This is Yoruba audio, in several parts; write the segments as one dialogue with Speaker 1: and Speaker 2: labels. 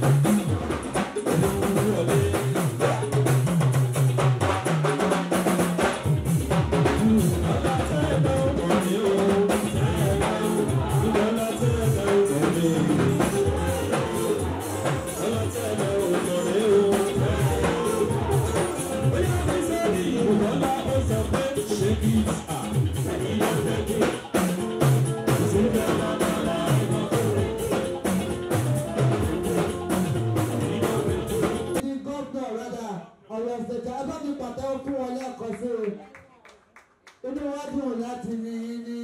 Speaker 1: Thank you. inú wa dùn láti ní ní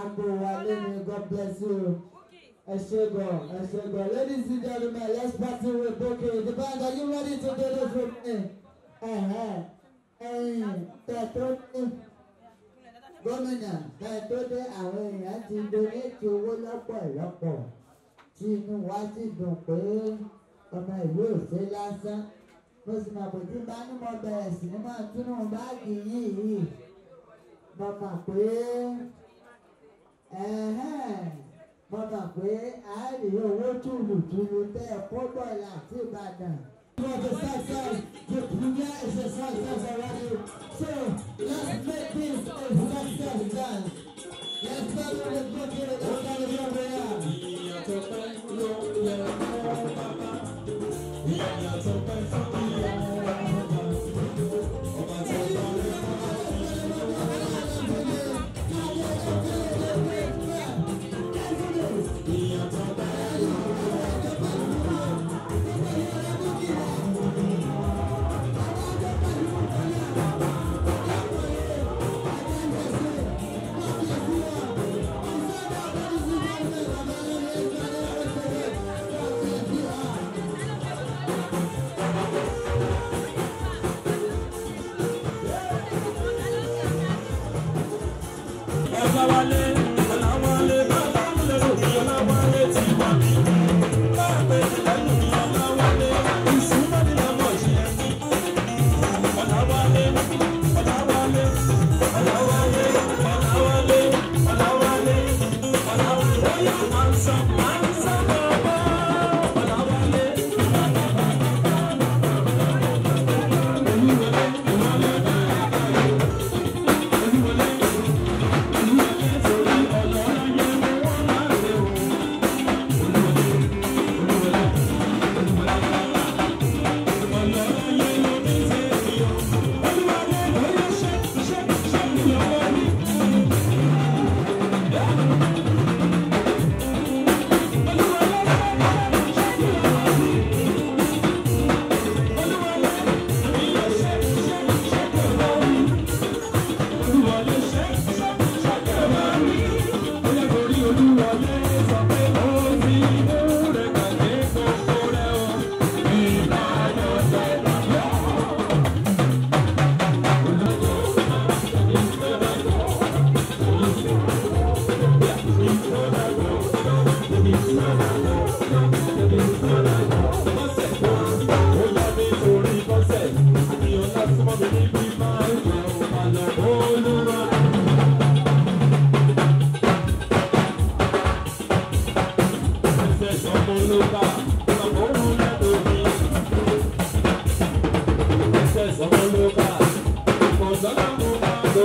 Speaker 1: àgbò wa lẹ́nu God bless you. Ẹ ṣé gan, ẹ ṣé gan. Ladies and gentlemen, let's party with Bokeh. The band, are you ready to do this with me? Ẹ̀yin tẹ̀tọ́ gómìnà tẹ̀tọ́ dé àwọn èèyàn ti donate owó lọ́pọ̀lọpọ̀ tí inú wa sì dùn pé ọmọ ìlú òṣè lásán mo sì mọ̀ pé tí bá ní mo bẹ̀rẹ̀ sí ní máa túnú báàgì yìí yìí mo pé mo pé a rí owó tùlùtùlù tẹ́ ẹ kó bọ̀ láti Ìbàdàn. You have the success, the premier is a success already. So let's make this a success dance. Let's start with the booking of the Academy of Prayer.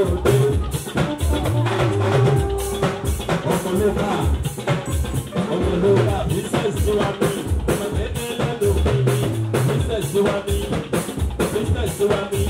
Speaker 1: òde ọmọ ló bá ọmọ ló bá business ti wá ní ọmọ ẹgbẹ́ lẹ́nu mi business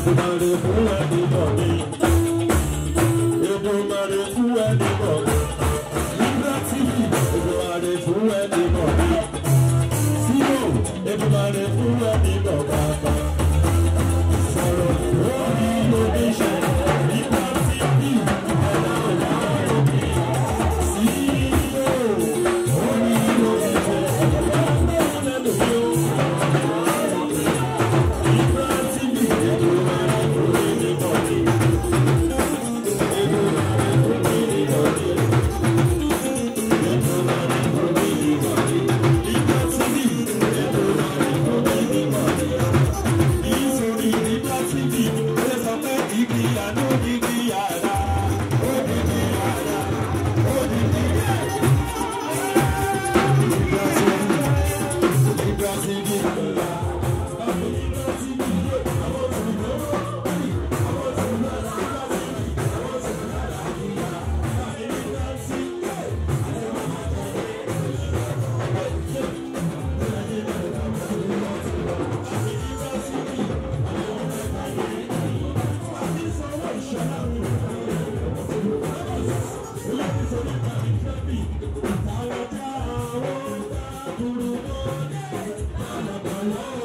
Speaker 1: Everybody fún ẹni bọ̀ mí. Èdùmàrè fún ẹni bọ̀ mí. Libra TV Zero Èdùmàrè fún ẹni Christians